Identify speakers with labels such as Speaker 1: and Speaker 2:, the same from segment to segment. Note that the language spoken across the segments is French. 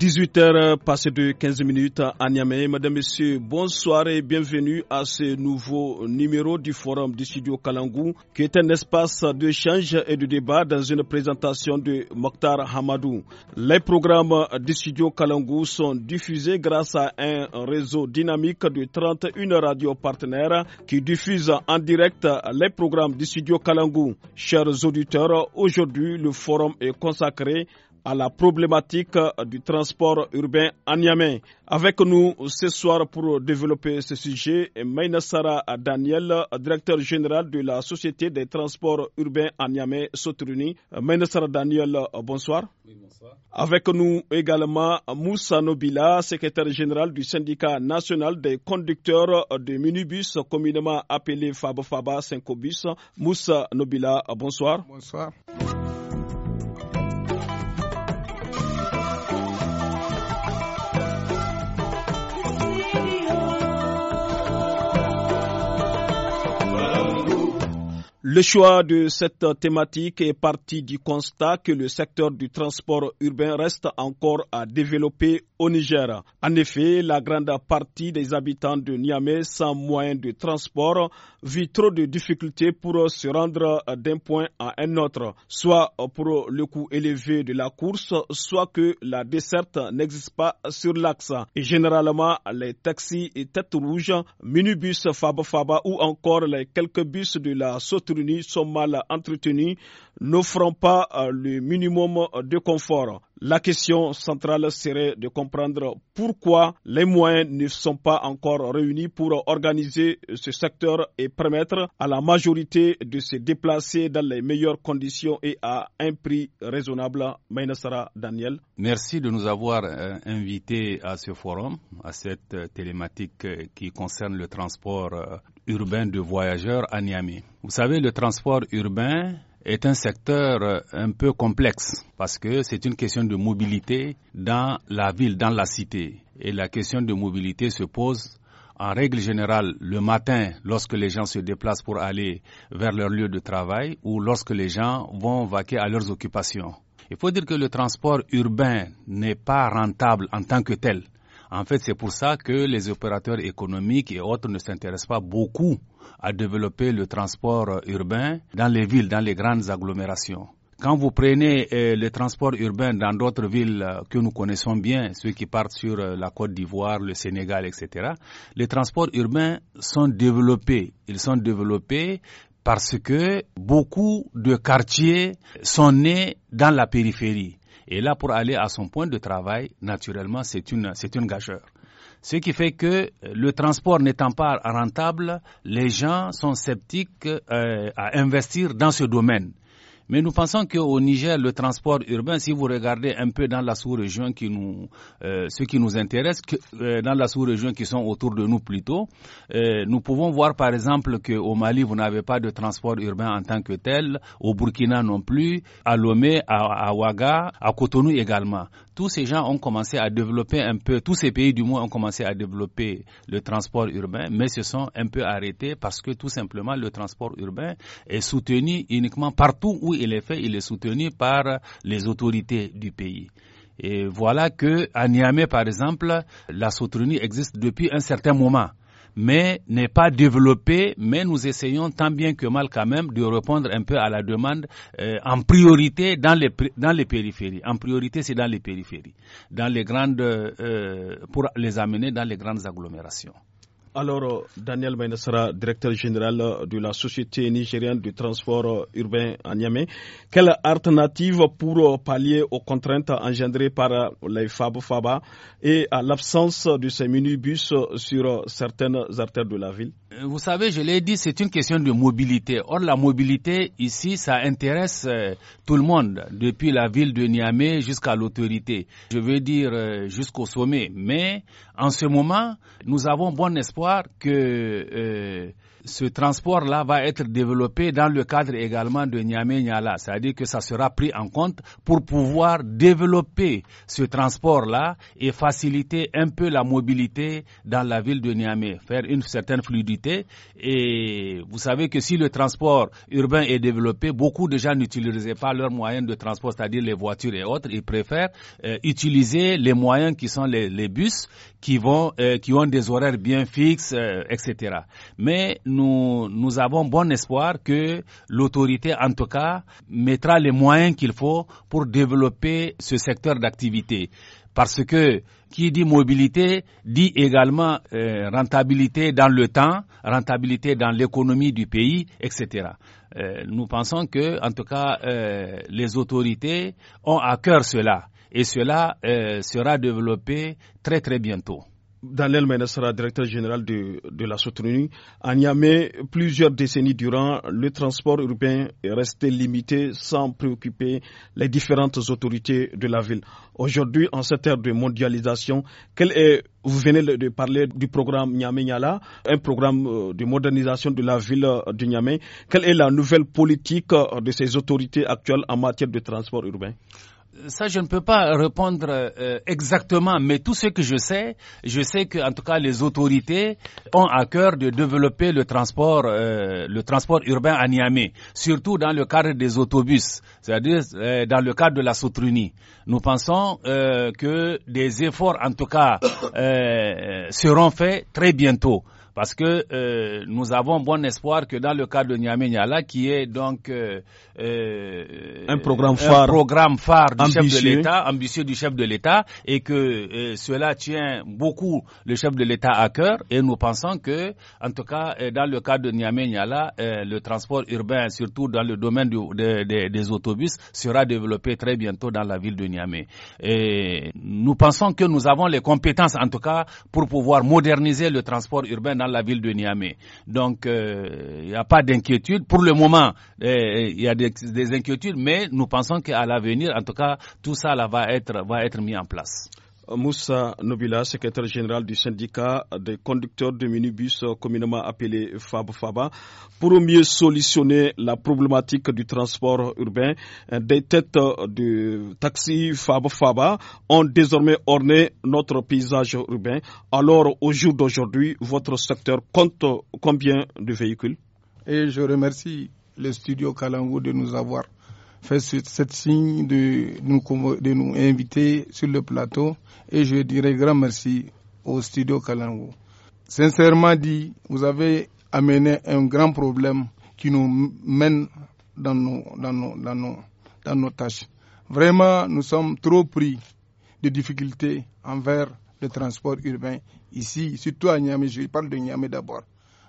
Speaker 1: 18h euh, passé de 15 minutes à Niamey. Mesdames, Messieurs, bonsoir et bienvenue à ce nouveau numéro du Forum du Studio Kalangou, qui est un espace d'échange et de débat dans une présentation de Mokhtar Hamadou. Les programmes du Studio Kalangou sont diffusés grâce à un réseau dynamique de 31 radios partenaires qui diffusent en direct les programmes du Studio Kalangou. Chers auditeurs, aujourd'hui, le forum est consacré à la problématique euh, du transport urbain à Niamey. Avec nous ce soir pour développer ce sujet, Maïna Sarah Daniel, directeur général de la Société des transports urbains à Niamey, Sotruni. Euh, Maïna Daniel, euh, bonsoir. Avec nous également Moussa Nobila, secrétaire général du syndicat national des conducteurs de minibus, communément appelé 5Bus. Moussa Nobila, bonsoir. Bonsoir. Le choix de cette thématique est parti du constat que le secteur du transport urbain reste encore à développer au Niger. En effet, la grande partie des habitants de Niamey sans moyen de transport vit trop de difficultés pour se rendre d'un point à un autre, soit pour le coût élevé de la course, soit que la desserte n'existe pas sur l'axe. Et généralement, les taxis et têtes rouges, minibus Faba Faba ou encore les quelques bus de la sauterie sont mal entretenus, n'offrant pas euh, le minimum euh, de confort. La question centrale serait de comprendre pourquoi les moyens ne sont pas encore réunis pour organiser ce secteur et permettre à la majorité de se déplacer dans les meilleures conditions et à un prix raisonnable. Daniel.
Speaker 2: Merci de nous avoir euh, invités à ce forum, à cette euh, télématique euh, qui concerne le transport urbain de voyageurs à Niamey. Vous savez, le transport urbain est un secteur euh, un peu complexe parce que c'est une question de mobilité dans la ville, dans la cité. Et la question de mobilité se pose en règle générale le matin lorsque les gens se déplacent pour aller vers leur lieu de travail ou lorsque les gens vont vaquer à leurs occupations. Il faut dire que le transport urbain n'est pas rentable en tant que tel. En fait, c'est pour ça que les opérateurs économiques et autres ne s'intéressent pas beaucoup à développer le transport euh, urbain dans les villes, dans les grandes agglomérations. Quand vous prenez euh, le transport urbain dans d'autres villes euh, que nous connaissons bien, ceux qui partent sur la Côte d'Ivoire, le Sénégal, etc., les transports urbains sont développés. Ils sont développés parce que beaucoup de quartiers sont nés dans la périphérie. Et là, pour aller à son point de travail, naturellement, c'est une, c'est une gageure. Ce qui fait que le transport n'étant pas rentable, les gens sont sceptiques euh, à investir dans ce domaine. Mais nous pensons qu'au Niger, le transport urbain, si vous regardez un peu dans la sous-région qui nous, euh, ce qui nous intéresse, euh, dans la sous-région qui sont autour de nous plutôt, euh, nous pouvons voir par exemple qu'au Mali, vous n'avez pas de transport urbain en tant que tel, au Burkina non plus, à Lomé, à, à Ouaga, à Cotonou également tous ces gens ont commencé à développer un peu, tous ces pays du moins ont commencé à développer le transport urbain, mais se sont un peu arrêtés parce que tout simplement le transport urbain est soutenu uniquement partout où il est fait, il est soutenu par les autorités du pays. Et voilà que à Niamey, par exemple, la Sotronie existe depuis un certain moment mais n'est pas développé, mais nous essayons tant bien que mal quand même de répondre un peu à la demande euh, en priorité dans les, dans les périphéries. En priorité, c'est dans les périphéries, dans les grandes, euh, pour les amener dans les grandes agglomérations.
Speaker 1: Alors, Daniel Benessara, directeur général de la Société nigérienne du transport urbain à Niamey, quelle alternative pour pallier aux contraintes engendrées par les FAB-FABA et à l'absence de ces minibus sur certaines artères de la ville
Speaker 2: euh, vous savez, je l'ai dit, c'est une question de mobilité. Or, la mobilité, ici, ça intéresse euh, tout le monde, depuis la ville de Niamey jusqu'à l'autorité, je veux dire euh, jusqu'au sommet. Mais en ce moment, nous avons bon espoir que ce transport-là va être développé dans le cadre également de Niamey-Niala, c'est-à-dire que ça sera pris en compte pour pouvoir développer ce transport-là et faciliter un peu la mobilité dans la ville de Niamey, faire une certaine fluidité. Et vous savez que si le transport urbain est développé, beaucoup de gens n'utilisaient pas leurs moyens de transport, c'est-à-dire les voitures et autres, ils préfèrent euh, utiliser les moyens qui sont les bus qui vont, euh, qui ont des horaires bien fixes, euh, etc. Mais nous, nous avons bon espoir que l'autorité, en tout cas, mettra les moyens qu'il faut pour développer ce secteur d'activité. Parce que qui dit mobilité dit également euh, rentabilité dans le temps, rentabilité dans l'économie du pays, etc. nous pensons que, en tout cas, les autorités ont à cœur cela et cela euh, sera développé très très bientôt. Daniel
Speaker 1: sera directeur général de, de la Sotonie, à Niamey, plusieurs décennies durant, le transport urbain est resté limité sans préoccuper les différentes autorités de la ville. Aujourd'hui, en cette ère de mondialisation, quel est, vous venez de parler du programme Niamey-Niala, un programme euh, de modernisation de la ville euh, de Niamey. Quelle est la nouvelle politique de ces autorités actuelles en matière de transport urbain
Speaker 2: ça, je ne peux pas répondre euh, exactement, mais tout ce que je sais, je sais que en tout cas les autorités ont à cœur de développer le transport, euh, le transport urbain à Niamey, surtout dans le cadre des autobus, c'est-à-dire euh, dans le cadre de la Soutrunie. Nous pensons que des efforts, en tout cas, seront faits très bientôt. Parce que euh, nous avons bon espoir que dans le cas de Niamey-Niala, qui est donc euh, euh, un programme phare, programme phare du chef de l'État, ambitieux du chef de l'État, et que cela tient beaucoup le chef de l'État à cœur. Et nous pensons que, en tout cas, dans le cas de Niamey-Niala, le transport urbain, surtout dans le domaine des autobus, sera développé très bientôt dans la ville de Niamey. Et nous pensons que nous avons les compétences, en tout cas, pour pouvoir moderniser le transport urbain la ville de Niamey. Donc, il euh, n'y a pas d'inquiétude. Pour le moment, il euh, euh, y a des, inquiétudes, mais nous pensons qu'à l'avenir, en tout cas, tout ça va, être, va être mis en place.
Speaker 1: Moussa Nobila, secrétaire général du syndicat des conducteurs de minibus euh, communément appelé FAB-FABA, pour mieux solutionner la problématique du transport urbain. Euh, des têtes euh, de taxi FAB-FABA ont désormais orné notre paysage urbain. Alors, au jour d'aujourd'hui, votre secteur compte combien de véhicules
Speaker 3: Et je remercie le studio Kalangou de nous avoir fait cette signe de nous, inviter sur le plateau et je dirais grand merci au studio Kalango. Sincèrement dit, vous avez amené un grand problème qui nous mène dans nos, dans nos tâches. Vraiment, nous sommes trop pris de difficultés envers le transport urbain ici, surtout à Niamey. Je parle de Niamey d'abord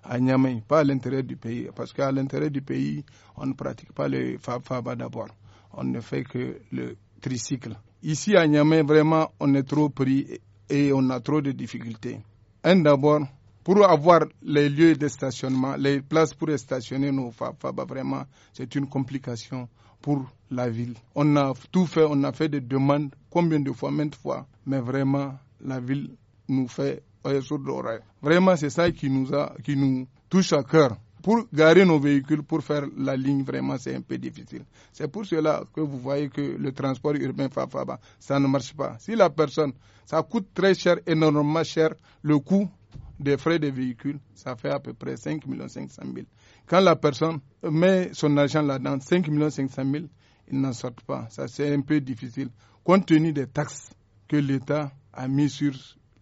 Speaker 3: à Niamey, pas à l'intérêt du pays. Parce qu'à l'intérêt du pays, on ne pratique pas le Faba d'abord. On ne fait que le tricycle. Ici à Niamey, vraiment, on est trop pris et on a trop de difficultés. Un d'abord, pour avoir les lieux de stationnement, les places pour stationner nos Faba, vraiment, c'est une complication pour la ville. On a tout fait, on a fait des demandes, combien de fois, maintes fois, mais vraiment, la ville nous fait Oh, vraiment, c'est ça qui nous, a, qui nous touche à cœur. Pour garer nos véhicules, pour faire la ligne, vraiment, c'est un peu difficile. C'est pour cela que vous voyez que le transport urbain Fafaba, ça ne marche pas. Si la personne, ça coûte très cher, énormément cher, le coût des frais des véhicules, ça fait à peu près 5 500 000. Quand la personne met son argent là-dedans, 5 500 000, il n'en sort pas. Ça, c'est un peu difficile. Compte tenu des taxes que l'État a mis sur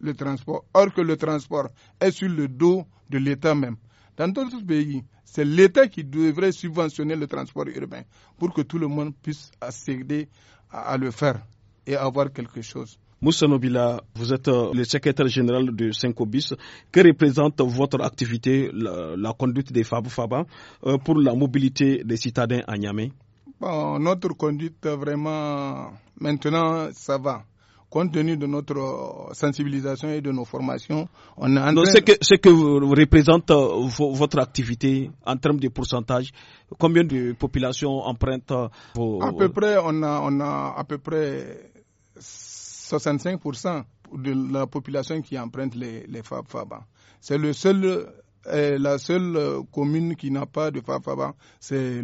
Speaker 3: le transport, or que le transport est sur le dos de l'État même. Dans d'autres pays, c'est l'État qui devrait subventionner le transport urbain pour que tout le monde puisse accéder à, le faire et avoir quelque chose.
Speaker 1: Moussa Nobila, vous êtes euh, le secrétaire général de Syncobis. Que représente votre activité, la, conduite des Fab Faba, euh, pour la mobilité des citadins à Niamey
Speaker 3: Notre conduite, vraiment, maintenant, ça va compte tenu de notre euh, sensibilisation et de nos formations,
Speaker 1: on a. ce que ce que vous représente euh, votre activité en termes de pourcentage, combien de populations empruntent euh, À peu
Speaker 3: près, on a on a à peu près 65 de la population qui emprunte les, les Faba. C'est le seul la seule commune qui n'a pas de Faba, c'est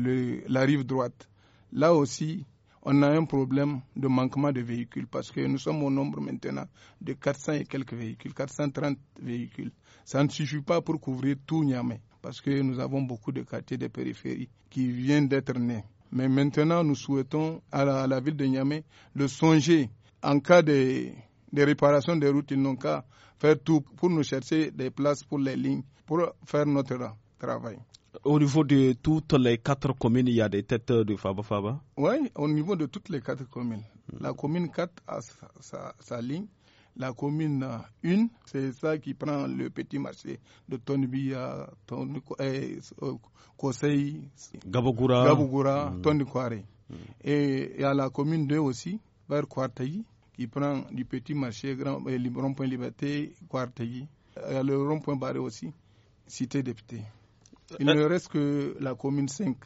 Speaker 3: la rive droite. Là aussi, on a un problème de manquement de véhicules parce que nous sommes au nombre maintenant de 400 et quelques véhicules, 430 véhicules. Ça ne suffit pas pour couvrir tout Niamey parce que nous avons beaucoup de quartiers de périphérie qui viennent d'être nés. Mais maintenant, nous souhaitons à la, ville de Niamey de songer en cas de, de réparation des routes, ils n'ont qu'à faire tout pour nous chercher des places pour les lignes, pour faire notre travail. Au niveau de
Speaker 1: toutes les quatre communes, il y a des têtes de Faba Faba
Speaker 3: Oui, au niveau de toutes les quatre communes. La commune 4 a sa, ligne. La commune 1, euh, c'est ça qui prend le petit marché de Tonbi à ton, eh, euh, Kosei, hmm. hmm. Et il y a la commune 2 aussi, vers Kwartayi, qui prend du petit marché, grand, eh, rond-point Liberté, Kwartayi. Il y le rond-point Barré aussi, cité député. Il ne euh, reste que la commune 5.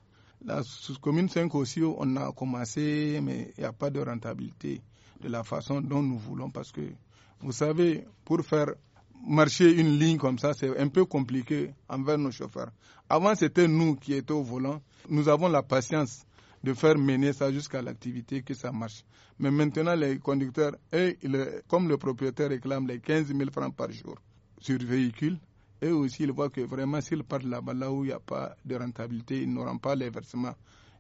Speaker 3: La commune 5 aussi, on a commencé, mais il n'y a pas de rentabilité de la façon dont nous voulons parce que, vous savez, pour faire marcher une ligne comme ça, c'est un peu compliqué envers nos chauffeurs. Avant, c'était nous qui étions au volant. Nous avons la patience de faire mener ça jusqu'à l'activité que ça marche. Mais maintenant, les conducteurs, comme le propriétaire réclame les 15 000 francs par jour sur véhicule, et aussi, ils voient que vraiment, s'ils partent là-bas, là où il n'y a pas de rentabilité, ils n'auront pas les versements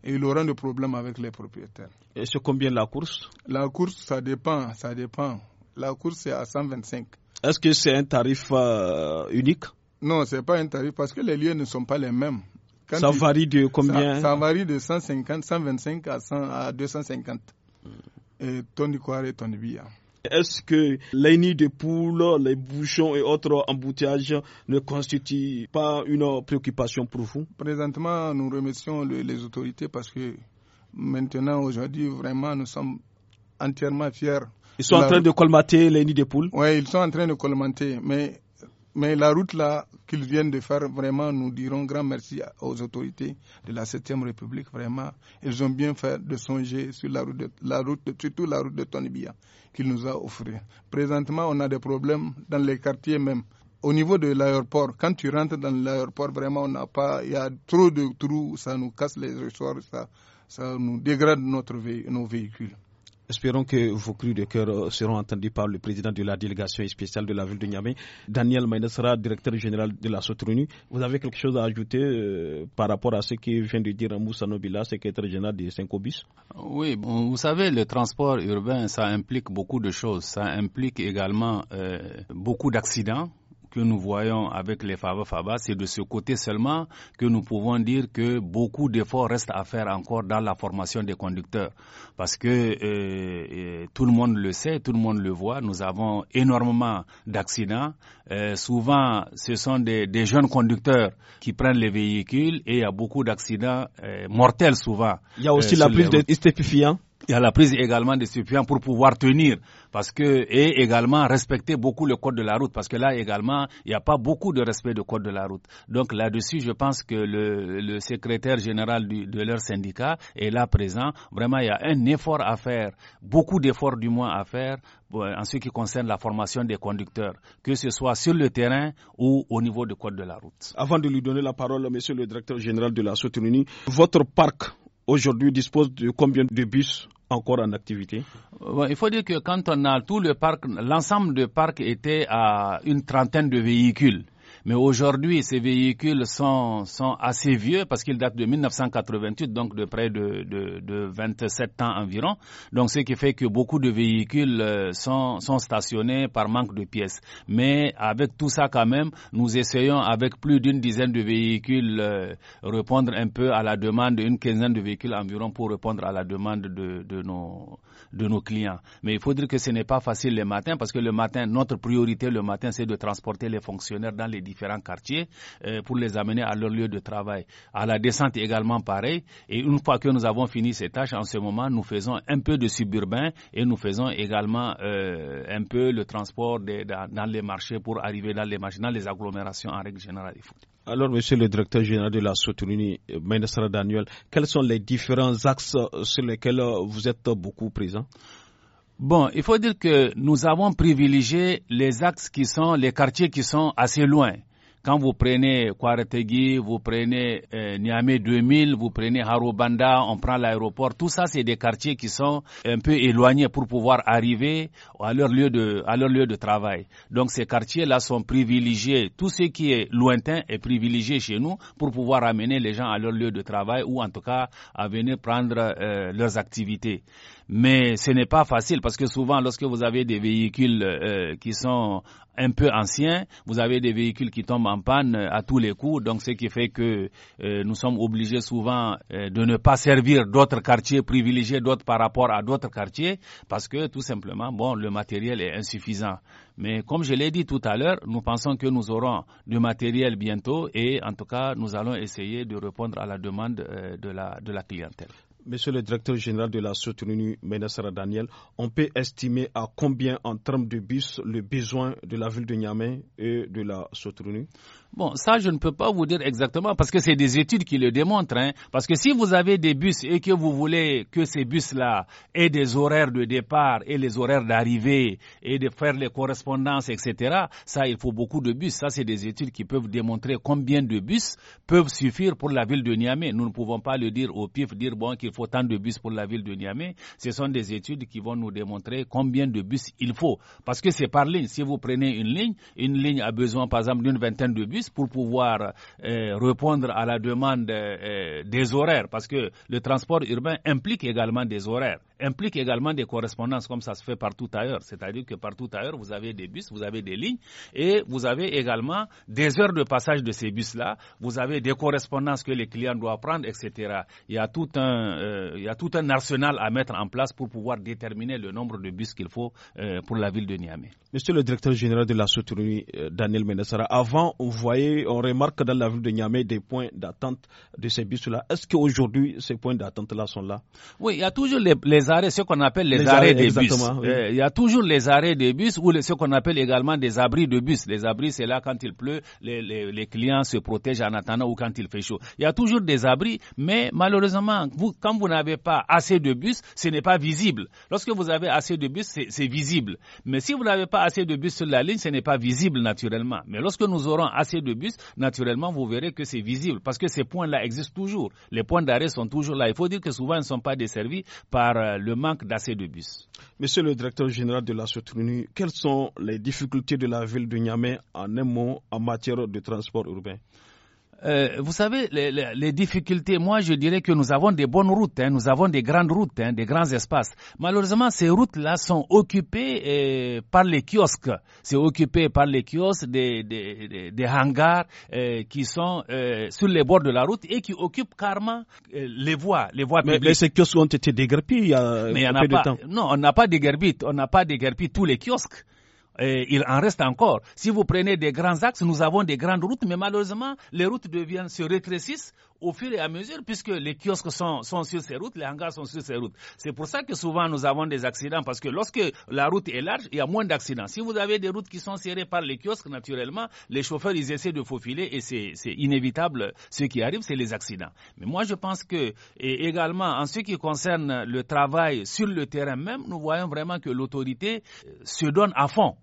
Speaker 3: et ils auront des problèmes avec les propriétaires. Et c'est combien la course La course, ça dépend, ça dépend. La course, c'est à 125. Est-ce que c'est un tarif euh, unique Non, ce n'est pas un tarif parce que les lieux ne sont pas les mêmes. ça varie de combien ça, varie de 150, 125 à, à 250. Mmh. Et ton et ton hein.
Speaker 1: Est-ce que les nids de poules, les bouchons et autres embouteillages ne constituent pas une préoccupation pour vous
Speaker 3: Présentement, nous remercions les autorités parce que maintenant, aujourd'hui, vraiment, nous sommes entièrement fiers. Ils sont en train de
Speaker 1: colmater les nids de poules
Speaker 3: Oui, ils sont en train de colmater, mais mais la route là qu'ils viennent de faire, vraiment, nous dirons grand merci aux autorités de la 7e République. Vraiment, ils ont bien fait de songer sur la route, de, la surtout la route de Tonibia qu'ils nous a offert. Présentement, on a des problèmes dans les quartiers même. Au niveau de l'aéroport, quand tu rentres dans l'aéroport, vraiment, on n'a pas, il y a trop de trous, ça nous casse les ressorts, ça, ça nous dégrade notre, nos véhicules.
Speaker 1: Espérons que vos cris de cœur euh, seront entendus par le président de la délégation spéciale de la ville de Niamey, Daniel Maïnesra, directeur général de la Sotrunu. Vous avez quelque chose à ajouter euh, par rapport à ce que
Speaker 2: vient de dire Moussa Nobila, secrétaire général de Syncobis Oui, bon, vous savez, le transport urbain, ça implique beaucoup de choses. Ça implique également euh, beaucoup d'accidents que nous voyons avec les fava Faba, c'est de ce côté seulement que nous pouvons dire que beaucoup d'efforts restent à faire encore dans la formation des conducteurs. Parce que euh, euh, tout le monde le sait, tout le monde le voit, nous avons énormément d'accidents. Euh, souvent, ce sont des, jeunes conducteurs qui prennent les véhicules et il y a beaucoup d'accidents mortels souvent.
Speaker 1: Il y a aussi la prise de
Speaker 2: stupéfiants. Il y a la prise également de stupéfiants pour pouvoir tenir parce que et également respecter beaucoup le code de la route parce que là également il n'y a pas beaucoup de respect du code de la route. Donc là-dessus, je pense que le, secrétaire général de leur syndicat est là présent. Vraiment, il y a un effort à faire, beaucoup d'efforts du moins à faire euh, en ce qui concerne la formation des conducteurs, que ce soit sur le terrain ou au niveau du code de la route.
Speaker 1: Avant de lui donner la parole, Monsieur le directeur général de la Unie, votre parc aujourd'hui dispose de combien de bus encore en activité
Speaker 2: Il faut dire que quand on a tout le parc, l'ensemble du parc était à une trentaine de véhicules. Mais aujourd'hui, ces véhicules sont, sont assez vieux parce qu'ils datent de 1988, donc de près de, de, de, 27 ans environ. Donc, ce qui fait que beaucoup de véhicules euh, sont, sont stationnés par manque de pièces. Mais avec tout ça quand même, nous essayons avec plus d'une dizaine de véhicules euh, répondre un peu à la demande, une quinzaine de véhicules environ pour répondre à la demande de, de nos de nos clients. Mais il faut dire que ce n'est pas facile le matin parce que le matin, notre priorité le matin, c'est de transporter les fonctionnaires dans les différents quartiers euh, pour les amener à leur lieu de travail. À la descente également pareil. Et une fois que nous avons fini ces tâches, en ce moment, nous faisons un peu de suburbain et nous faisons également euh, un peu le transport dans, les marchés pour arriver dans les marchés, dans les agglomérations en règle générale.
Speaker 1: Alors, monsieur le directeur général de la Sotouni, Ministre Daniel, quels sont les différents axes sur lesquels vous êtes beaucoup présent
Speaker 2: Bon, il faut dire que nous avons privilégié les axes qui sont, les quartiers qui sont assez loin. Quand vous prenez Kwaretegi, vous prenez euh, Niamey 2000, vous prenez Harobanda, on prend l'aéroport, tout ça, c'est des quartiers qui sont un peu éloignés pour pouvoir arriver à leur lieu de, à leur lieu de travail. Donc ces quartiers-là sont privilégiés. Tout ce qui est lointain est privilégié chez nous pour pouvoir amener les gens à leur lieu de travail ou en tout cas à venir prendre euh, leurs activités. Mais ce n'est pas facile parce que souvent, lorsque vous avez des véhicules euh, qui sont un peu ancien, Vous avez des véhicules qui tombent en panne euh, à tous les coups, donc ce qui fait que euh, nous sommes obligés souvent euh, de ne pas servir d'autres quartiers, privilégier d'autres par rapport à d'autres quartiers, parce que tout simplement, bon, le matériel est insuffisant. Mais comme je l'ai dit tout à l'heure, nous pensons que nous aurons du matériel bientôt et en tout cas, nous allons essayer de répondre à la demande de, la, de la clientèle.
Speaker 1: Monsieur le directeur général de la Sotunu, Ménassara Daniel, on peut estimer à combien en termes de bus le besoin de la ville de Niamey et
Speaker 2: de la Sotunu Bon, ça, je ne peux pas vous dire exactement parce que c'est des études qui le démontrent. Hein. Parce que si vous avez des bus et que vous voulez que ces bus-là aient des horaires de départ et les horaires d'arrivée et de faire les correspondances, etc., ça, il faut beaucoup de bus. Ça, c'est des études qui peuvent démontrer combien de bus peuvent suffire pour la ville de Niamey. Nous ne pouvons pas le dire au pif, dire bon, qu'il faut tant de bus pour la ville de Niamey. Ce sont des études qui vont nous démontrer combien de bus il faut. Parce que c'est par ligne. Si vous prenez une ligne, une ligne a besoin, par exemple, d'une vingtaine de bus pour pouvoir euh, répondre à la demande euh, euh, des horaires, parce que le transport urbain implique également des horaires implique également des correspondances comme ça se fait partout ailleurs. C'est-à-dire que partout ailleurs, vous avez des bus, vous avez des lignes et vous avez également des heures de passage de ces bus-là. Vous avez des correspondances que les clients doivent prendre, etc. Il y a tout un, euh, il y a tout un arsenal à mettre en place pour pouvoir déterminer le nombre de bus qu'il faut euh, pour la ville de Niamey.
Speaker 1: Monsieur le directeur général de la Sotorie, euh, Daniel Menessara, avant, vous voyez, on remarque dans la ville de Niamey des points d'attente de ces bus-là. Est-ce qu'aujourd'hui, ces points d'attente-là sont là
Speaker 2: Oui, il y a toujours les arrêts, ce qu'on appelle les, arrêts, des bus. Eh, il y a toujours les arrêts des bus ou ce qu'on appelle également des abris de bus. Les abris, c'est là quand il pleut, les, clients se protègent en attendant ou quand il fait chaud. Il y a toujours des abris, mais malheureusement, vous, quand vous n'avez pas assez de bus, ce n'est pas visible. Lorsque vous avez assez de bus, c'est visible. Mais si vous n'avez pas assez de bus sur la ligne, ce n'est pas visible naturellement. Mais lorsque nous aurons assez de bus, naturellement, vous verrez que c'est visible parce que ces points-là existent toujours. Les points d'arrêt sont toujours là. Il faut dire que souvent, ils ne sont pas desservis par euh, le manque d'assez de bus. Monsieur le directeur général de la Soutenue, quelles sont les difficultés de la ville de Niamey en un mot en matière de
Speaker 1: transport urbain
Speaker 2: euh, vous savez, les, les, difficultés, moi je dirais que nous avons des bonnes routes, hein, nous avons des grandes routes, hein, des grands espaces. Malheureusement, ces routes-là sont occupées euh, par les kiosques. C'est occupé par les kiosques, des, des, des, hangars euh, qui sont sur les bords de la route et qui occupent carrément les voies, les mais, ces
Speaker 1: kiosques ont été déguerpis il y a, un peu de temps.
Speaker 2: Non, on n'a pas déguerpi, on n'a pas tous les kiosques il en reste encore. Si vous prenez des grands axes, nous avons des grandes routes, mais malheureusement, les routes deviennent, se rétrécissent au fur et à mesure, puisque les kiosques sont, sur ces routes, les hangars sont sur ces routes. C'est pour ça que souvent nous avons des accidents, parce que lorsque la route est large, il y a moins d'accidents. Si vous avez des routes qui sont serrées par les kiosques, naturellement, les chauffeurs, ils essaient de faufiler et c'est inévitable. Ce qui arrive, c'est les accidents. Mais moi, je pense que, également, en ce qui concerne le travail sur le terrain même, nous voyons vraiment que l'autorité euh, se donne à fond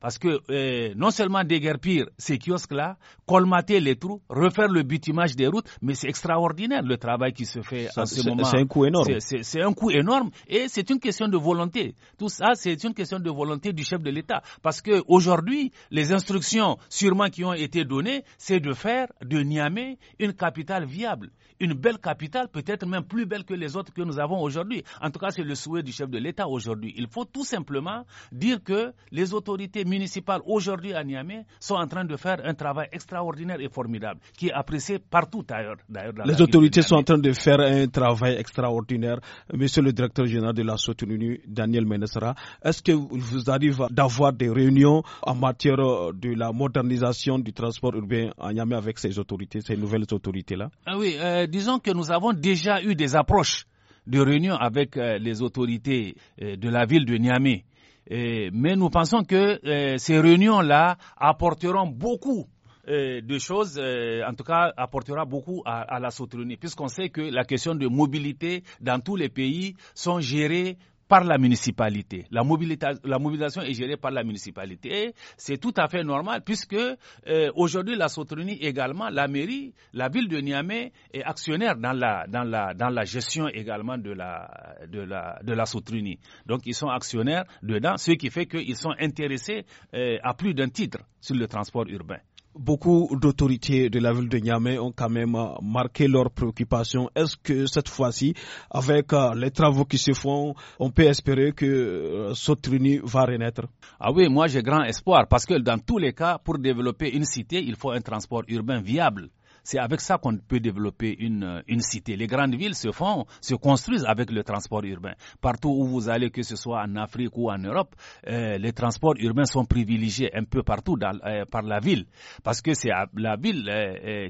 Speaker 2: parce que euh, non seulement déguerpir ces kiosques-là, colmater les trous, refaire le bitumage des routes, mais c'est extraordinaire le travail qui se fait à ce moment. C'est un coût énorme. C'est un coût énorme et c'est une question de volonté. Tout ça, c'est une question de volonté du chef de l'État. Parce que aujourd'hui, les instructions sûrement qui ont été données, c'est de faire de Niamey une capitale viable une belle capitale, peut-être même plus belle que les autres que nous avons aujourd'hui. En tout cas, c'est le souhait du chef de l'État aujourd'hui. Il faut tout simplement dire que les autorités municipales aujourd'hui à Niamey sont en train de faire un travail extraordinaire et formidable, qui est apprécié partout ailleurs. les autorités
Speaker 1: sont en train de faire un travail extraordinaire. Monsieur le directeur général de la Sotonunu, Daniel Menesra, est-ce que vous arrivez d'avoir des réunions en matière euh, de la modernisation du transport urbain à Niamey avec ces autorités, ces nouvelles autorités-là
Speaker 2: ah Oui, euh, disons que nous avons déjà eu des approches de réunion avec euh, les autorités euh, de la ville de Niamey. Mais nous pensons que euh, ces réunions-là apporteront beaucoup de choses, en tout cas, apportera beaucoup à, la soutenue, puisqu'on sait que la question de mobilité dans tous les pays sont gérées par la municipalité. La, mobilisation est gérée par la municipalité. C'est tout à fait normal puisque euh, aujourd'hui la Sotronie également, la mairie, la ville de Niamey est actionnaire dans la, dans la, dans la gestion également de la, de la, de la Donc ils sont actionnaires dedans, ce qui fait qu'ils sont intéressés euh, à plus d'un titre sur le transport urbain
Speaker 1: beaucoup d'autorités de la ville de Niamey ont quand même euh, marqué leurs préoccupations. Est-ce que cette fois-ci, avec euh, les travaux qui se font, on peut espérer que Sotrini euh, va renaître
Speaker 2: Ah oui, moi j'ai grand espoir parce que dans tous les cas, pour développer une cité, il faut un transport urbain viable. C'est avec ça qu'on peut développer une, euh, une cité. Les grandes villes se font, se construisent avec le transport urbain. Partout où vous allez, que ce soit en Afrique ou en Europe, euh, les transports urbains sont privilégiés un peu partout dans, euh, par la ville, parce que c'est la ville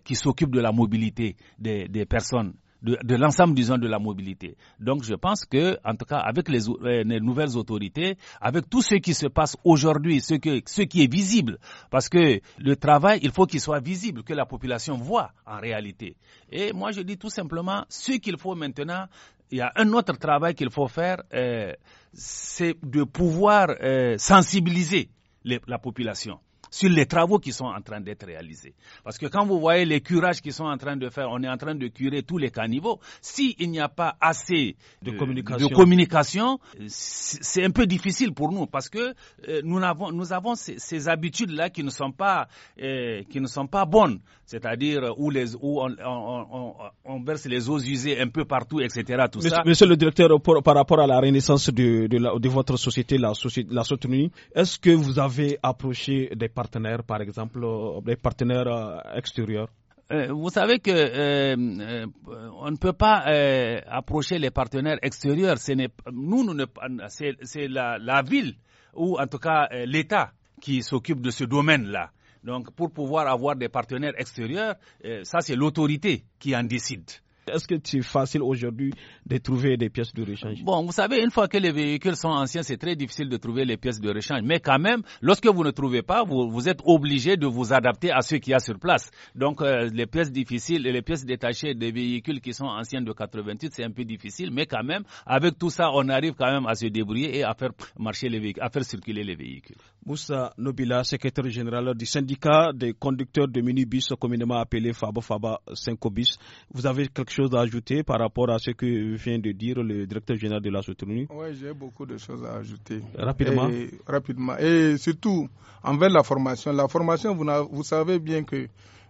Speaker 2: qui s'occupe de la mobilité des, des personnes de, de l'ensemble disons de la mobilité. Donc je pense que en tout cas avec euh, les, nouvelles autorités, avec tout ce qui se passe aujourd'hui, ce que ce qui est visible parce que le travail, il faut qu'il soit visible que la population voit en réalité. Et moi je dis tout simplement ce qu'il faut maintenant, il y a un autre travail qu'il faut faire euh, c'est de pouvoir euh, sensibiliser la population sur les travaux qui sont en train d'être réalisés. Parce que quand vous voyez les curages qui sont en train de faire, on est en train de curer tous les caniveaux. S'il n'y a pas assez de, euh, de communication, c'est un peu difficile pour nous parce que euh, nous avons, nous avons ces, habitudes-là qui ne sont pas, euh, qui ne sont pas bonnes. C'est-à-dire où, les, où on, on, on, verse les eaux usées un peu partout, etc. Tout monsieur, ça. monsieur,
Speaker 1: le directeur, par rapport à la renaissance de, de, votre société, la, société, la est-ce que vous avez approché des partenaires, par exemple, les euh, partenaires euh, extérieurs
Speaker 2: euh, vous savez que on ne peut pas approcher les partenaires extérieurs. nous, c'est la, ville ou en tout cas l'État qui s'occupe de ce domaine-là. Donc, pour pouvoir avoir des partenaires extérieurs, ça c'est l'autorité qui en décide est-ce
Speaker 1: que c'est facile aujourd'hui de trouver des pièces de rechange
Speaker 2: Bon, vous savez, une fois que les véhicules sont anciens, c'est très difficile de trouver les pièces de rechange. Mais quand même, lorsque vous ne trouvez pas, vous, êtes obligé de vous adapter à ce qu'il y a sur place. Donc, euh, les pièces difficiles et les pièces détachées des véhicules qui sont anciens de 88, c'est un peu difficile. Mais quand même, avec tout ça, on arrive quand même à se débrouiller et à faire marcher les véhicules, à faire circuler les véhicules.
Speaker 1: Moussa Nobila, secrétaire général du syndicat des conducteurs de minibus, communément appelé Faba Faba 5 bis. Vous avez quelque chose à ajouter par rapport à ce que vient de dire le directeur général de la Sotonou
Speaker 3: Oui, j'ai beaucoup de choses à ajouter. Rapidement Et, Rapidement. Et surtout, envers la formation. La formation, vous, vous savez bien que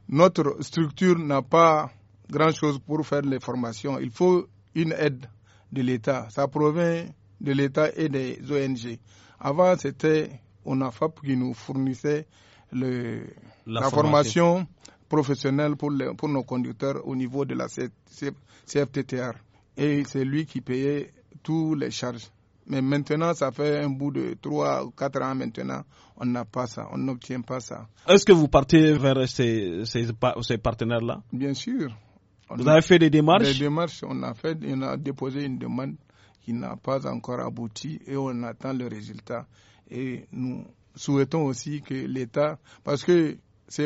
Speaker 3: notre structure n'a pas grand-chose pour faire les formations. Il faut une aide de l'État. Ça provient de l'État et des ONG. Avant, c'était on a FAP qui nous fournissait le, la, formation, professionnelle pour, pour, nos conducteurs au niveau de la CFTTR. Et c'est lui qui payait toutes les charges. Mais maintenant, ça fait un bout de 3 ou 4 ans maintenant, on n'a pas ça, on n'obtient pas ça.
Speaker 1: Est-ce que vous partez vers ces, partenaires-là
Speaker 3: Bien sûr.
Speaker 1: On vous avez fait des démarches Des
Speaker 3: démarches, on a fait, on a déposé une demande qui n'a pas encore abouti et on attend le résultat. Et nous souhaitons aussi que l'État, parce que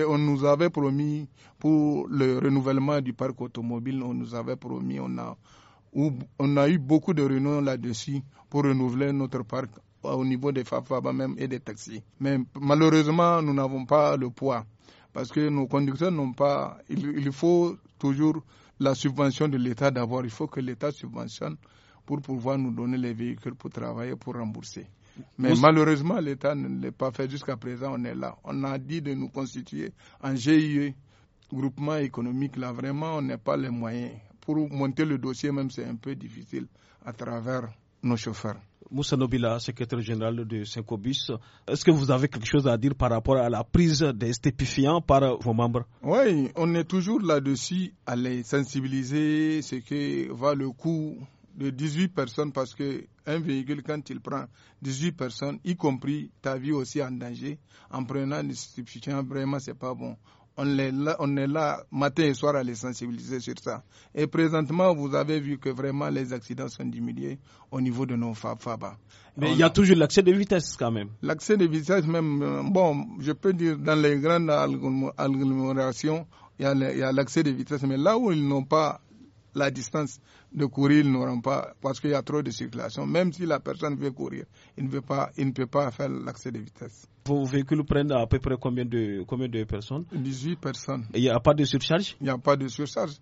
Speaker 3: on nous avait promis pour le renouvellement du parc automobile, on nous avait promis, on a, on a eu beaucoup de réunions là-dessus pour renouveler notre parc euh, au niveau des Fafaba même et des taxis. Mais malheureusement, nous n'avons pas le poids parce que nos conducteurs n'ont pas. Il, il, faut toujours la subvention de l'État d'abord. Il faut que l'État subventionne pour pouvoir nous donner les véhicules pour travailler, pour rembourser. Mais malheureusement, l'État ne l'a pas fait jusqu'à présent. On est là. On a dit de nous constituer en GIE, groupement économique. Là, vraiment, on n'a pas les moyens. Pour monter le dossier, même, c'est un peu difficile à travers
Speaker 1: nos chauffeurs. Moussa Nobila, secrétaire général de Syncobus, est-ce que vous avez quelque chose à dire par rapport à la prise des stépifiants par vos membres
Speaker 3: Oui, on est toujours là-dessus à les sensibiliser, ce qui va le coup de 18 personnes parce que un véhicule, quand il prend 18 personnes, y compris ta vie aussi en danger, en prenant des substitutions, vraiment, c'est pas bon. On est, là, matin et soir à les sensibiliser sur ça. Et présentement, vous avez vu que vraiment les accidents sont diminués au niveau de nos fab FABA. Mais il y a, a
Speaker 1: toujours l'accès de vitesse quand même.
Speaker 3: L'accès de vitesse, même, euh, bon, je peux dire dans les grandes agglomérations, il y a l'accès de vitesse, mais là où ils n'ont pas la distance de courir, ils n'auront pas, parce qu'il y a trop de circulation. Même si la personne veut courir, il ne, veut pas, il ne peut pas faire l'accès de vitesse. Vos véhicules prennent à peu près combien de, combien de personnes 18 personnes. Et il n'y a pas de surcharge Il n'y a pas de surcharge.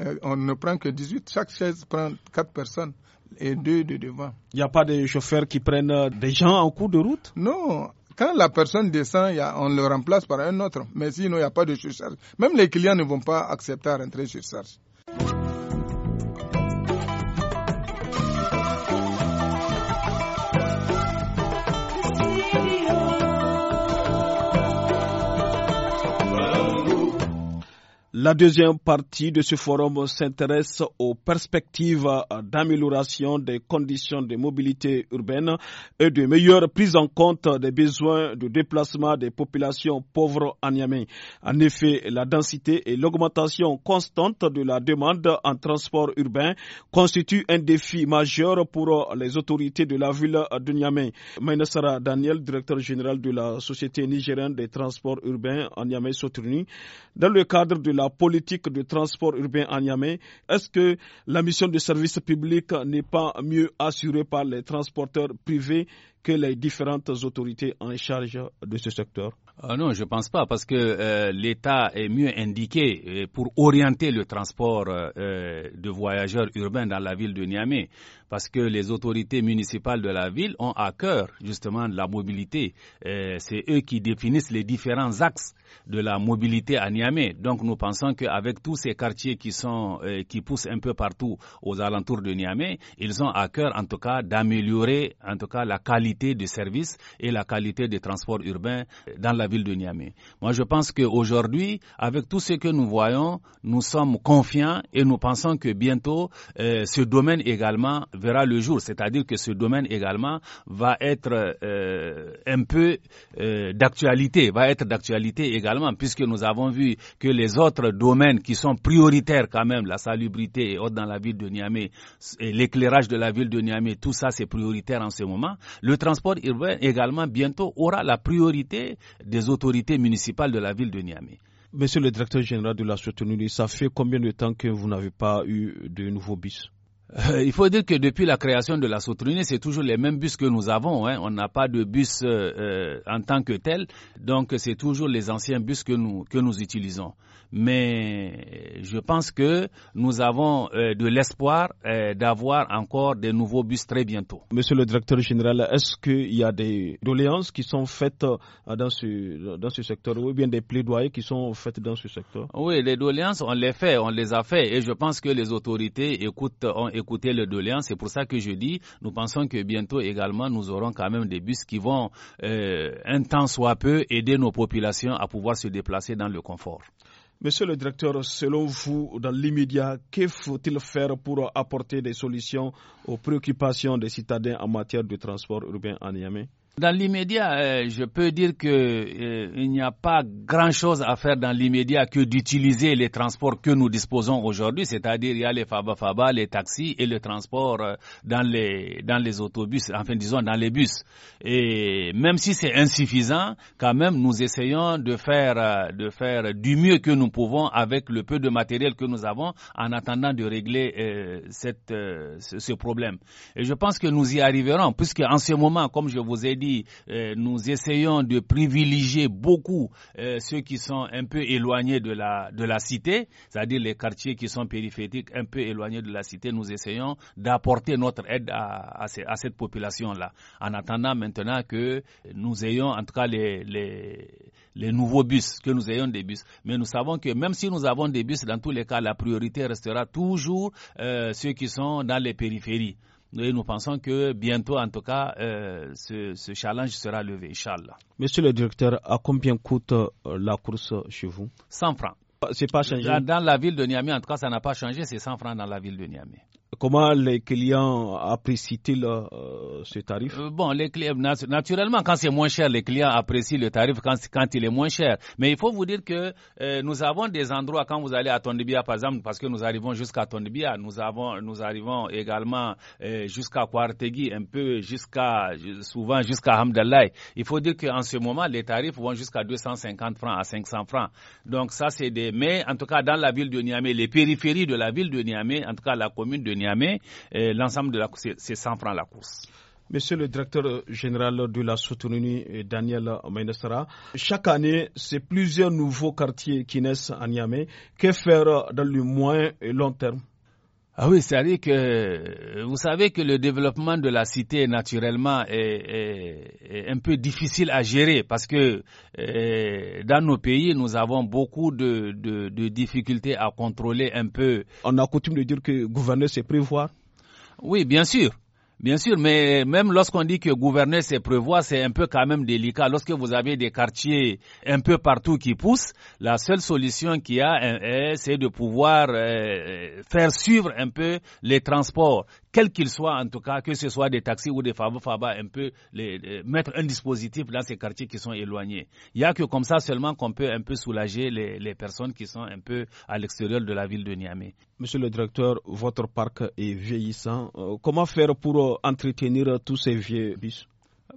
Speaker 3: Euh, on ne prend que 18. Chaque chaise prend 4 personnes et 2 de devant. Il n'y a pas de chauffeurs qui prennent euh, des gens en cours de route Non, quand la personne descend, y a, on le remplace par un autre. Mais sinon, il n'y a pas de surcharge. Même les clients ne vont pas accepter à rentrer surcharge.
Speaker 1: La deuxième partie de ce forum s'intéresse aux perspectives d'amélioration des conditions de mobilité urbaine et de meilleure prise en compte des besoins de déplacement des populations pauvres en Niamey. En effet, la densité et l'augmentation constante de la demande en transport urbain constituent un défi majeur pour les autorités de la ville de Niamey. Sara Daniel, directeur général de la Société nigérienne des transports urbains à Niamey-Sotruni, dans le cadre de la politique de transport urbain à Yamé. Est-ce que la mission de service public n'est pas mieux assurée par les transporteurs privés que les différentes autorités en charge de ce secteur
Speaker 2: euh, Non, je ne pense pas, parce que euh, l'État est mieux indiqué euh, pour orienter le transport de voyageurs urbains dans la ville de Niamey, parce que les autorités municipales de la ville ont à cœur justement la mobilité. C'est eux qui définissent les différents axes de la mobilité à Niamey. Donc nous pensons qu'avec tous ces quartiers qui, sont, qui poussent un peu partout aux alentours de Niamey, ils ont à cœur en tout cas d'améliorer en tout cas la qualité de services et la qualité des transports urbains dans la ville de Niamey. Moi, je pense qu'aujourd'hui, avec tout ce que nous voyons, nous sommes confiants et nous pensons que bientôt, euh, ce domaine également verra le jour. C'est-à-dire que ce domaine également va être euh, un peu euh, d'actualité, va être d'actualité également, puisque nous avons vu que les autres domaines qui sont prioritaires quand même, la salubrité et autres dans la ville de Niamey, l'éclairage de la ville de Niamey, tout ça c'est prioritaire en ce moment. Le transport urbain également bientôt aura la priorité des autorités municipales de la ville de Niamey. Monsieur le directeur général de la Soutenue, ça fait combien de temps que vous n'avez pas eu de nouveaux bus euh, il faut dire que depuis la création de la Sautronée, c'est toujours les mêmes bus que nous avons. Hein. On n'a pas de bus euh, euh, en tant que tel, donc c'est toujours les anciens bus que nous, que nous utilisons mais je pense que nous avons euh, de l'espoir euh, d'avoir encore des nouveaux bus très bientôt. Monsieur le directeur général, est-ce
Speaker 1: qu'il y a des doléances qui sont faites euh, dans ce, dans ce secteur ou bien des plaidoyers qui sont faites dans ce secteur
Speaker 2: Oui, les doléances, on les fait, on les a fait et je pense que les autorités écoutent, ont écouté les doléances. C'est pour ça que je dis, nous pensons que bientôt également, nous aurons quand même des bus qui vont, un temps soit peu, aider nos populations à pouvoir se déplacer dans le confort.
Speaker 1: Monsieur le directeur, selon vous, dans l'immédiat, que faut-il faire pour apporter des solutions aux préoccupations des citadins en matière de transport urbain en Niamey
Speaker 2: dans l'immédiat, euh, je peux dire qu'il euh, n'y a pas grand-chose à faire dans l'immédiat que d'utiliser les transports que nous disposons aujourd'hui, c'est-à-dire il y a les faba-faba, les taxis et le transport euh, dans les, dans les autobus, enfin disons dans les bus. Et même si c'est insuffisant, quand même nous essayons de faire, euh, de faire du mieux que nous pouvons avec le peu de matériel que nous avons en attendant de régler cette, ce problème. Et je pense que nous y arriverons, puisque en ce moment, comme je vous ai dit, euh, nous essayons de privilégier beaucoup euh, ceux qui sont un peu éloignés de la, de la cité, c'est-à-dire les quartiers qui sont périphériques, un peu éloignés de la cité, nous essayons d'apporter notre aide à, cette population-là, en attendant maintenant que nous ayons en tout cas les, les, nouveaux bus, que nous ayons des bus. Mais nous savons que même si nous avons des bus, dans tous les cas, la priorité restera toujours euh, ceux qui sont dans les périphéries nous pensons que bientôt, en tout cas, euh, ce, challenge sera levé, Inch'Allah.
Speaker 1: Monsieur le directeur, à combien coûte euh, la course
Speaker 2: chez vous 100 francs. C'est pas changé Dans la ville de Niamey, en tout cas, ça n'a pas changé, c'est 100 francs dans la ville de Niamey.
Speaker 1: Comment les clients apprécient-ils euh, ce tarif euh,
Speaker 2: Bon, les clients, naturellement, quand c'est moins cher, les clients apprécient le tarif quand, quand, il est moins cher. Mais il faut vous dire que euh, nous avons des endroits, quand vous allez à Tondibia, par exemple, parce que nous arrivons jusqu'à Tondibia, nous, avons, nous arrivons également jusqu'à Kwartegui, un peu jusqu'à, souvent jusqu'à Hamdallah. Il faut dire qu'en ce moment, les tarifs vont jusqu'à 250 francs, à 500 francs. Donc ça, c'est des... Mais en tout cas, dans la ville de Niamey, les périphéries de la ville de Niamey, en tout cas la commune de Niamey, l'ensemble de la course, c'est 100 francs la course.
Speaker 1: Monsieur le directeur euh, général de la Sotorini, euh, Daniel Mainestra, chaque année, c'est plusieurs nouveaux quartiers qui naissent à Niamey. Que faire euh, dans le moins et long terme
Speaker 2: ah oui, c'est-à-dire que euh, vous savez que le développement de la cité naturellement est, un peu difficile à gérer parce que euh, dans nos pays, nous avons beaucoup de, de difficultés à contrôler un peu. On a coutume de dire que gouverner, c'est prévoir. Oui, bien sûr. Bien sûr, mais même lorsqu'on dit que gouverner, c'est prévoir, c'est un peu quand même délicat. Lorsque vous avez des quartiers un peu partout qui poussent, la seule solution qu'il y a, hein, hein, c'est de pouvoir euh, faire suivre un peu les transports quel qu'il soit, en tout cas, que ce soit des taxis ou des faba-faba, un peu mettre un dispositif dans ces quartiers qui sont éloignés. Il n'y a que comme ça seulement qu'on peut un peu soulager les, personnes qui sont un peu à l'extérieur de la ville de Niamey.
Speaker 1: Monsieur le directeur, votre parc est vieillissant. Euh, comment faire pour euh, entretenir euh, tous ces vieux bus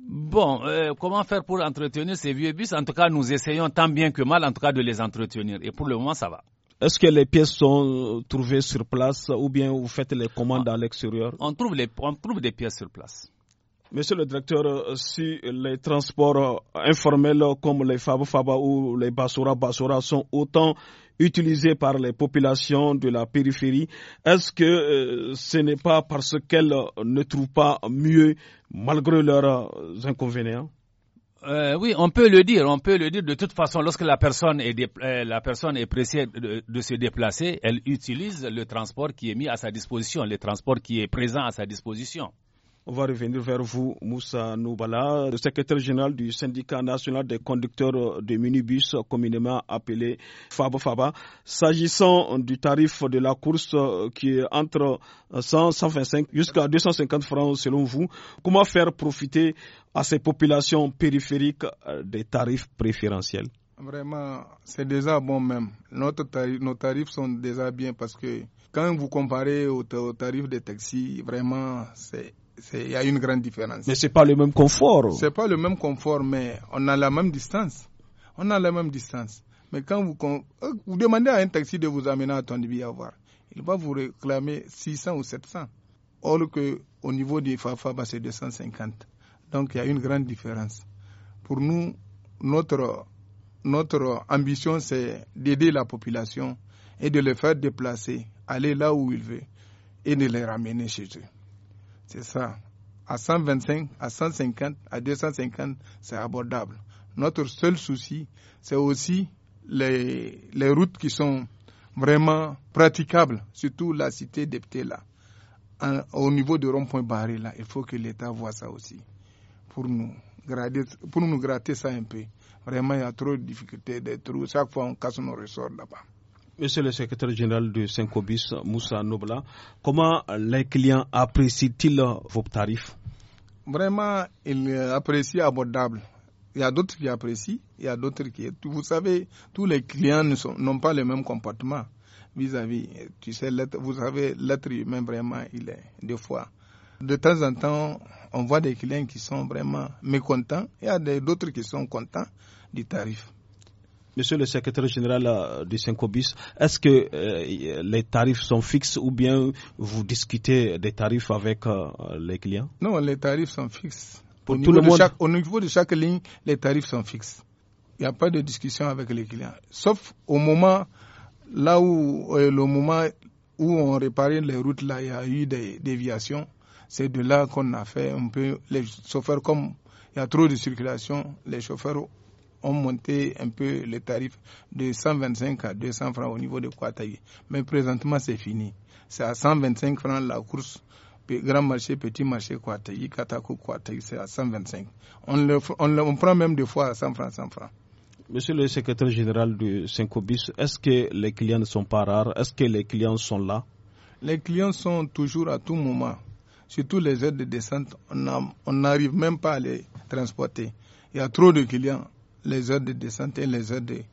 Speaker 2: Bon, comment faire pour entretenir ces vieux bus En tout cas, nous essayons tant bien que mal, en tout cas, de les entretenir. Et pour le moment, ça va.
Speaker 1: Est-ce que les pièces sont euh, trouvées sur place ou bien vous faites les commandes à ah, l'extérieur
Speaker 2: on, trouve des pièces sur place. Monsieur le directeur,
Speaker 1: euh, si les transports euh, informels comme les Fabo Faba ou les basura-basura sont autant utilisés par les populations de la périphérie, est-ce que ce n'est pas parce qu'elles ne trouvent pas mieux malgré leurs inconvénients
Speaker 2: euh, oui, on peut le dire, on peut le dire. De toute façon, lorsque la personne est, euh, la personne est pressée de, se déplacer, elle utilise le transport qui est mis à sa disposition, le transport qui est présent à sa disposition.
Speaker 1: On va revenir vers vous, Moussa Noubala, le secrétaire général du syndicat national des conducteurs de minibus, communément appelé FAB FABA. S'agissant du tarif de la course euh, qui est entre 100, 125 jusqu'à 250 francs selon vous, comment faire profiter à ces populations périphériques euh, des tarifs préférentiels
Speaker 3: Vraiment, c'est déjà bon même. nos tarifs sont déjà bien parce que quand vous comparez aux tarifs des taxis, vraiment, c'est il y a une grande différence.
Speaker 1: Mais c'est pas le même
Speaker 3: confort. C'est pas le même confort, mais on a la même distance. On a la même distance. Mais quand vous, euh, vous demandez à un taxi de vous amener à Tondibi à voir, il va vous réclamer 600 ou 700. Or que au niveau des Fafa, bah, c'est 250. Donc il y a une grande différence. Pour nous, notre, notre ambition, c'est d'aider la population et de les faire déplacer, aller là où ils veulent et de les ramener chez eux. C'est ça. À 125, à 150, à 250, c'est abordable. Notre seul souci, c'est aussi les, routes qui sont vraiment praticables, surtout la cité d'Eptela. Au niveau de rond-point barré, là, il faut que l'État voit ça aussi pour nous, pour nous gratter ça un peu. Vraiment, il y a trop de difficultés, des trous. Chaque fois, on casse nos ressorts là-bas.
Speaker 1: Monsieur le secrétaire général de Syncobis, Moussa Nobla, comment les clients apprécient-ils vos tarifs
Speaker 3: Vraiment, ils apprécient abordable. Il y a d'autres qui apprécient, il y a d'autres qui... Vous savez, tous les clients n'ont pas le même comportement vis-à-vis. Tu sais, vous savez, l'être humain, vraiment, il est des fois. De temps en temps, on voit des clients qui sont vraiment mécontents. Il y a d'autres qui sont contents du tarif. Monsieur le secrétaire
Speaker 1: général euh, du Syncobus, est-ce que euh, les tarifs sont fixes ou bien vous discutez des tarifs avec euh, les clients
Speaker 3: Non, les tarifs sont fixes. Pour au, tout niveau le au niveau de chaque ligne, les tarifs sont fixes. Il n'y a pas de discussion avec les clients. Sauf au moment, là où, le moment où on réparait les routes, là, il y a eu des déviations. C'est de là qu'on a fait un peu les chauffeurs, comme il y a trop de circulation, les chauffeurs ont monté un peu les tarifs de 125 à 200 francs au niveau de Kouataï. Mais présentement, c'est fini. C'est à 125 francs la course grand marché, petit marché, Kouataï, Katako, Kouataï, c'est à 125. On, le, on, le, on, prend même des fois à 100 francs, 100 francs.
Speaker 1: Monsieur le secrétaire général du Syncobis, est-ce que les clients ne sont pas rares Est-ce que les clients sont là
Speaker 3: Les clients sont toujours à tout moment. Surtout les aides de descente, on n'arrive même pas à les transporter. Il y a trop de clients les heures de descente et les heures de,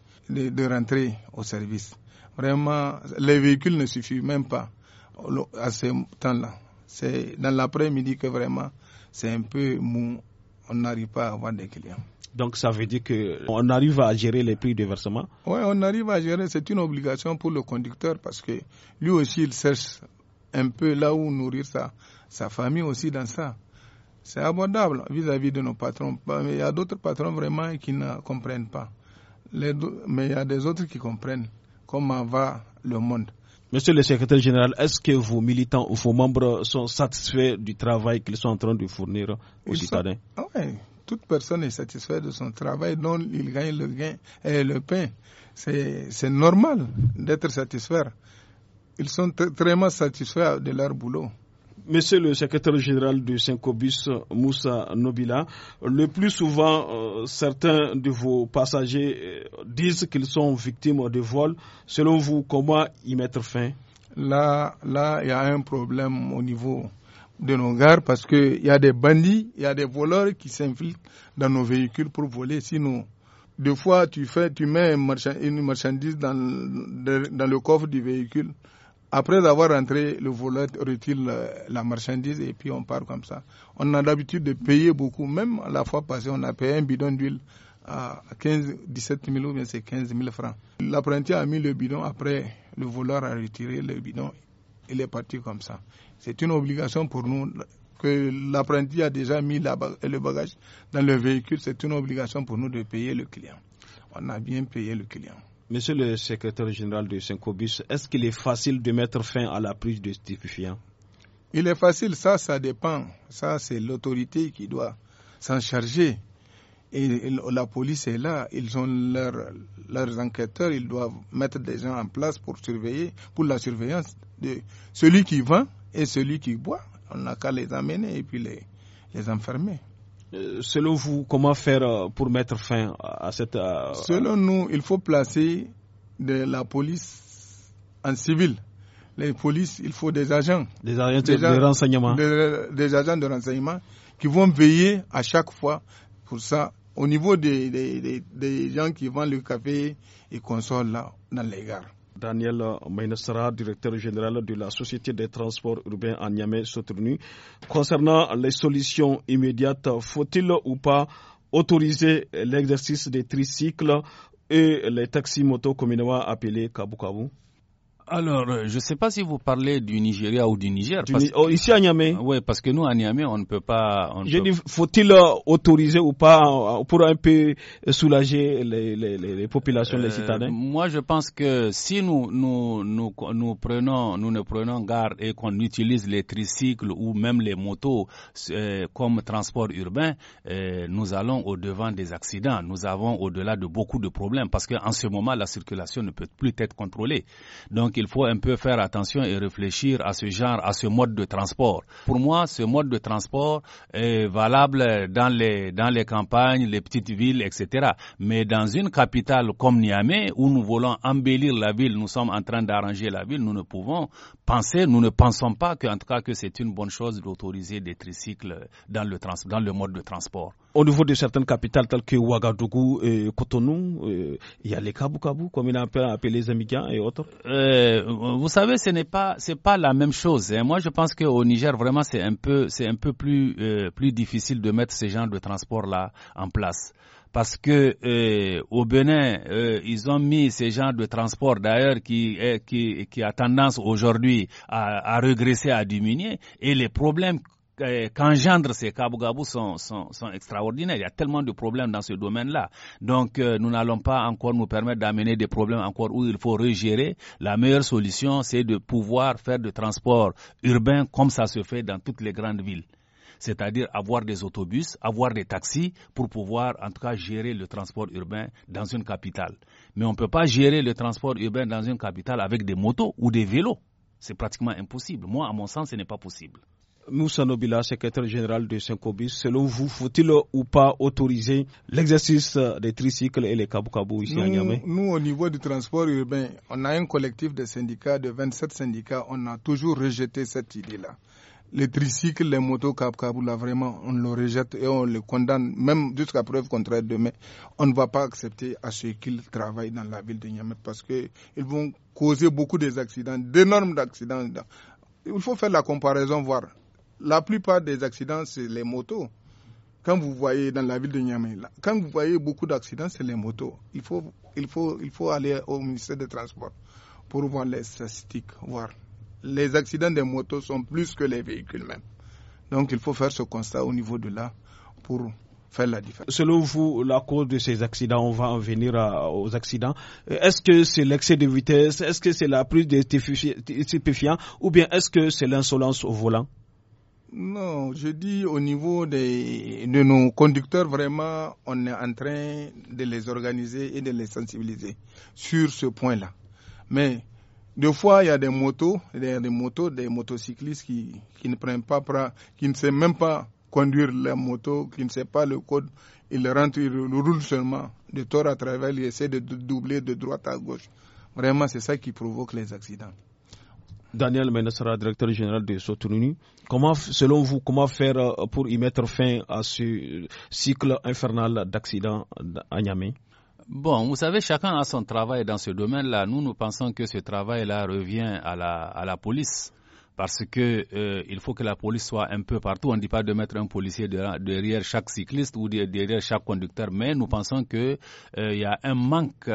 Speaker 3: de, rentrée au service. Vraiment, les véhicules ne suffisent même pas à ce temps-là. C'est dans l'après-midi que vraiment c'est un peu mou, on n'arrive pas à avoir des clients.
Speaker 1: Donc ça veut dire qu'on arrive à gérer les prix de versement
Speaker 3: Oui, on arrive à gérer, c'est une obligation pour le conducteur parce que lui aussi il cherche un peu là où nourrir sa, sa famille aussi dans ça. C'est abordable vis-à-vis de nos patrons. Bah, mais il y a d'autres patrons vraiment qui ne comprennent pas. mais il y a des autres qui comprennent comment va le monde.
Speaker 1: Monsieur le secrétaire général, est-ce que vos militants ou vos membres sont satisfaits du travail qu'ils sont en train de fournir aux citadins
Speaker 3: ah Oui, toute personne est satisfaite de son travail dont il gagne le, gain et le pain. C'est normal d'être satisfait. Ils sont très, très satisfaits de leur boulot. Monsieur le secrétaire général du Syncobus, Moussa Nobila,
Speaker 1: le plus souvent, euh, certains de vos passagers euh, disent qu'ils sont
Speaker 3: victimes de vol. Selon vous, comment y mettre fin Là, là, il y a un problème au niveau de nos gares parce qu'il y a des bandits, il y a des voleurs qui s'infiltrent dans nos véhicules pour voler. Sinon, deux fois, tu, fais, tu mets une marchandise dans le coffre du véhicule après avoir rentré, le voleur retire la marchandise et puis on part comme ça. On a l'habitude de payer beaucoup. Même la fois passée, on a payé un bidon d'huile à 15, 17 000 ou bien c'est 15 000 francs. L'apprenti a mis le bidon, après le voleur a retiré le bidon. Il est parti comme ça. C'est une obligation pour nous que l'apprenti a déjà mis le bagage dans le véhicule. C'est une obligation pour nous de payer le client. On a bien payé le client.
Speaker 1: Monsieur le secrétaire général de Syncobus, est-ce qu'il est facile de mettre fin à la prise de stupéfiants
Speaker 3: Il est facile, ça, ça dépend. Ça, c'est l'autorité qui doit s'en charger. Et la police est là, ils ont leurs enquêteurs, ils doivent mettre des gens en place pour surveiller, pour la surveillance de celui qui vend et celui qui boit. On n'a qu'à les amener et puis les, les enfermer. Euh, selon vous, comment faire euh, pour mettre fin à cette... Euh, selon nous, il faut placer de la police en civil. Les polices, il faut des agents. Des agents de, renseignement. Des, agents de renseignement qui vont veiller à chaque fois pour ça. Au niveau des, des gens qui vendent le café et console là, dans les gares. Daniel Mainestra, directeur général de la Société des transports
Speaker 1: urbains à Niamey, soutenu. Concernant les solutions immédiates, faut-il ou pas autoriser l'exercice des tricycles et les taxis motos communément appelés kabukabu?
Speaker 2: Alors, euh, je ne sais pas si vous parlez du Nigeria ou du Niger. Oh, ici à Niamey Oui, parce que nous, à Niamey, on ne peut pas... je dis, faut-il euh,
Speaker 1: autoriser ou pas euh, pour un peu soulager les, populations, les citadins
Speaker 2: Moi, je pense que si nous, nous, nous, prenons, nous ne prenons garde et qu'on utilise les tricycles ou même les motos comme transport urbain, nous allons au-devant des accidents. Nous avons au-delà de beaucoup de problèmes parce qu'en ce moment, la circulation ne peut plus être contrôlée. Donc, il faut un peu faire attention et réfléchir à ce genre, à ce mode de transport. Pour moi, ce mode de transport est valable dans les, dans les campagnes, les petites villes, etc. Mais dans une capitale comme Niamey, où nous voulons embellir la ville, nous sommes en train d'arranger la ville, nous ne pouvons penser, nous ne pensons pas qu'en tout cas que c'est une bonne chose d'autoriser des tricycles dans le, dans le mode de transport
Speaker 1: au niveau de certaines capitales telles que Ouagadougou et Cotonou, euh, il y a les kabou comme il a appelé les Amigans et autres
Speaker 2: euh, Vous savez, ce n'est pas, c'est pas la même chose. Hein. Moi, je pense qu'au Niger, vraiment, c'est un peu, c'est un peu plus, euh, plus difficile de mettre ces genre de transport-là en place parce que euh, au Benin euh, ils ont mis ces genre de transport d'ailleurs qui, qui, qui, a tendance aujourd'hui à, à, regresser, à diminuer, et les problèmes euh, Qu'engendre ces kabou sont, sont, extraordinaires. Il y a tellement de problèmes dans ce domaine-là. Donc, euh, nous n'allons pas encore nous permettre d'amener des problèmes encore où il faut régérer. La meilleure solution, c'est de pouvoir faire du transport urbain comme ça se fait dans toutes les grandes villes c'est-à-dire avoir des autobus, avoir des taxis pour pouvoir en tout cas gérer le transport urbain dans une capitale. Mais on ne peut pas gérer le transport urbain dans une capitale avec des motos ou des vélos. C'est pratiquement impossible. Moi, à mon sens, ce n'est pas possible.
Speaker 1: Moussa Nobila, secrétaire général de selon vous, faut-il ou pas autoriser l'exercice des tricycles et les kabou ici nous, à Niamey
Speaker 3: Nous, au niveau du transport urbain, on a un collectif de syndicats, de 27 syndicats, on a toujours rejeté cette idée-là. Les tricycles, les motos kabou là, vraiment, on le rejette et on le condamne, même jusqu'à preuve contraire demain. On ne va pas accepter à ceux qui travaillent dans la ville de Niamey parce qu'ils vont causer beaucoup d'accidents, d'énormes accidents. Il faut faire la comparaison, voir la plupart des accidents, c'est les motos. Quand vous voyez dans la ville de Niamey, quand vous voyez beaucoup d'accidents, c'est les motos. Il faut, il, faut, il faut aller au ministère des Transports pour voir les statistiques, voir. Les accidents des motos sont plus que les véhicules même. Donc il faut faire ce constat au niveau de là pour
Speaker 1: faire la différence. Selon vous, la cause de ces accidents, on va en venir aux accidents, est-ce que c'est l'excès de vitesse, est-ce que c'est la prise de stupéfiants ou bien est-ce que c'est l'insolence au volant
Speaker 3: non, je dis au niveau des, de nos conducteurs, vraiment, on est en train de les organiser et de les sensibiliser sur ce point-là. Mais deux fois, il y a des motos, il des motos, des motocyclistes qui, qui ne prennent pas, qui ne savent même pas conduire la moto, qui ne sait pas le code. ils rentrent, ils roulent seulement de tort à travers, ils essaient de doubler de droite à gauche. Vraiment, c'est ça qui provoque les accidents.
Speaker 1: Daniel Menassara, directeur général de Sotouni. Comment, selon vous, comment faire euh, pour y mettre fin à ce cycle infernal d'accidents à Niamey
Speaker 2: Bon, vous savez, chacun a son travail dans ce domaine-là. Nous, nous pensons que ce travail-là revient à la, police parce que euh, il faut que la police soit un peu partout. On ne dit pas de mettre un policier derrière chaque cycliste ou derrière chaque conducteur, mais nous pensons que euh, il y a un manque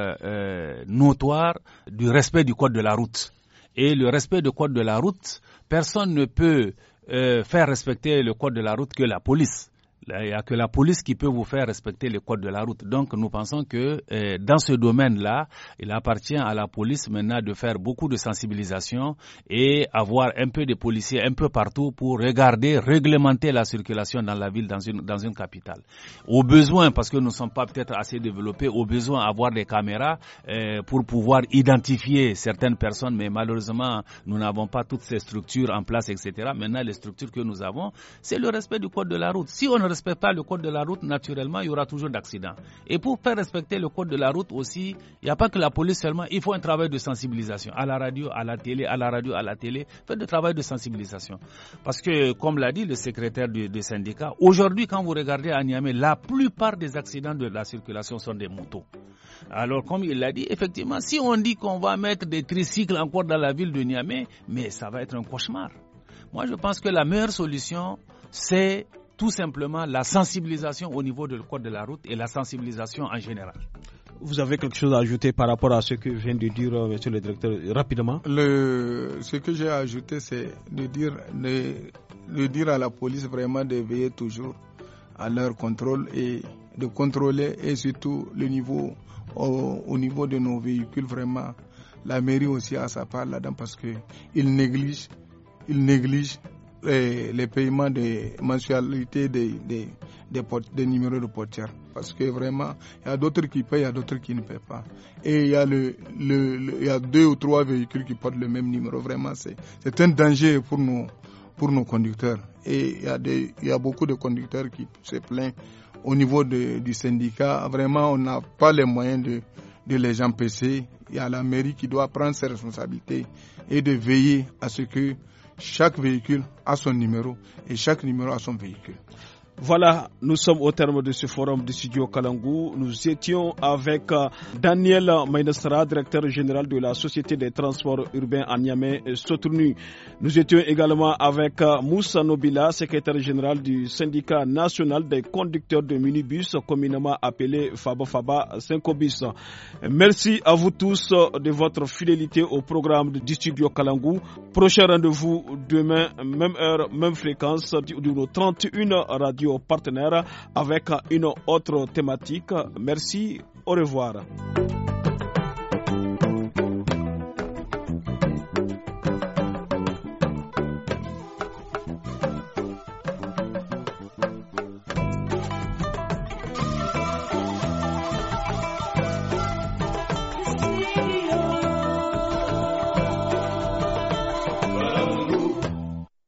Speaker 2: notoire du respect du code de la route et le respect du code de la route, personne ne peut euh, faire respecter le code de la route que la police. Il n'y a que la police qui peut vous faire respecter le code de la route. Donc nous pensons que euh, dans ce domaine-là, il appartient à la police maintenant de faire beaucoup de sensibilisation et avoir un peu de policiers un peu partout pour regarder, réglementer la circulation dans la ville, dans une, dans une capitale. Au besoin, parce que nous ne sommes pas peut-être assez développés, au besoin avoir des caméras euh, pour pouvoir identifier certaines personnes, mais malheureusement, nous n'avons pas toutes ces structures en place, etc. Maintenant, les structures que nous avons, c'est le respect du code de la route. Si on respecte pas le code de la route, naturellement, il y aura toujours d'accidents. Et pour faire respecter le code de la route aussi, il n'y a pas que la police seulement, il faut un travail de sensibilisation à la radio, à la télé, à la radio, à la télé, faites du travail de sensibilisation. Parce que, comme l'a dit le secrétaire du, du syndicat, aujourd'hui, quand vous regardez à Niamey, la plupart des accidents de la circulation sont des motos. Alors, comme il l'a dit, effectivement, si on dit qu'on va mettre des tricycles encore dans la ville de Niamey, mais ça va être un cauchemar. Moi, je pense que la meilleure solution, c'est tout simplement la sensibilisation au niveau du code de la route et la sensibilisation en général.
Speaker 1: Vous avez quelque chose à ajouter par rapport à ce que vient de dire euh, Monsieur le Directeur rapidement
Speaker 3: le, Ce que j'ai ajouté, c'est de dire, de, dire à la police vraiment de veiller toujours à leur contrôle et de contrôler et surtout le niveau au, niveau de nos véhicules vraiment la mairie aussi a sa part là-dedans parce que négligent ils négligent les, paiements des mensualités des, des, des, numéros de portière. Parce que vraiment, il y a d'autres qui payent, il y a d'autres qui ne paient pas. Et il y, a le, le, y a deux ou trois véhicules qui portent le même numéro. Vraiment, c'est un danger pour nos, pour nos conducteurs. Et il y, a il y a beaucoup de conducteurs qui se plaignent au niveau de, du syndicat. Vraiment, on n'a pas les moyens de, de les empêcher. Il y a la mairie qui doit prendre ses responsabilités et de veiller à ce que chaque véhicule a son numéro et chaque numéro a son véhicule. Voilà, nous sommes au terme de
Speaker 1: ce forum de studio Kalangou. Nous étions avec euh, Daniel Mainestra, directeur général de la Société des transports urbains à Niamey euh, soutenu. Nous étions également avec euh, Moussa Nobila, secrétaire général du syndicat national des conducteurs de minibus, communément appelé Fabafaba 5 Bus. Merci à vous tous de votre fidélité au programme du studio Kalangou. Prochain rendez-vous demain, même heure, même fréquence, du 31 radio partenaires avec une autre thématique. Merci, au revoir.